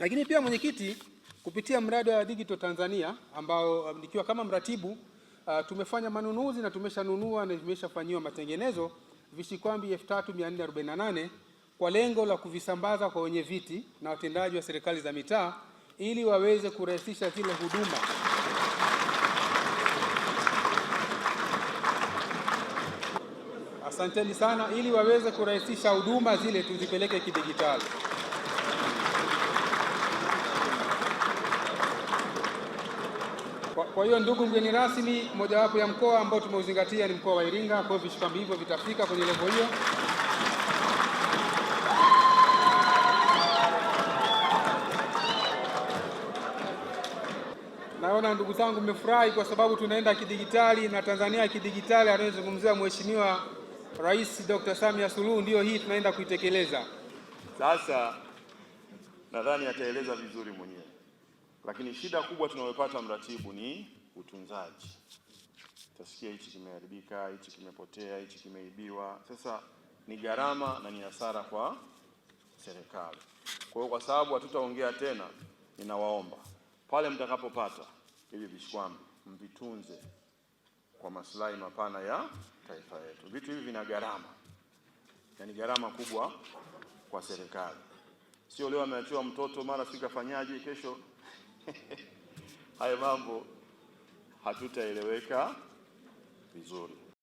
Lakini pia mwenyekiti, kupitia mradi wa Digital Tanzania ambao um, nikiwa kama mratibu uh, tumefanya manunuzi na tumeshanunua na tumeshafanyiwa matengenezo vishikwambi 3448 kwa lengo la kuvisambaza kwa wenye viti na watendaji wa serikali za mitaa ili waweze kurahisisha zile huduma asanteni sana, ili waweze kurahisisha huduma zile tuzipeleke kidigitali. Kwa hiyo ndugu mgeni rasmi, mojawapo ya mkoa ambao tumeuzingatia ni mkoa wa Iringa. Kwa hiyo vishikwambi hivyo vitafika kwenye levo hiyo. Naona ndugu zangu mmefurahi kwa sababu tunaenda kidigitali na Tanzania ya kidigitali anayozungumzia Mheshimiwa Rais Dr. Samia Suluhu, ndiyo hii tunaenda kuitekeleza sasa. Nadhani ataeleza vizuri mwenyewe. Lakini shida kubwa tunayopata mratibu ni utunzaji. Utasikia hichi kimeharibika, hichi kimepotea, hichi kimeibiwa. Sasa ni gharama na ni hasara kwa serikali. Kwa hiyo kwa sababu hatutaongea tena, ninawaomba pale mtakapopata hivi vishwambi mvitunze kwa maslahi mapana ya taifa letu. Vitu hivi vina gharama, yaani gharama kubwa kwa serikali, sio leo ameachiwa mtoto, mara sikafanyaje, kesho hayo mambo hatutaeleweka vizuri.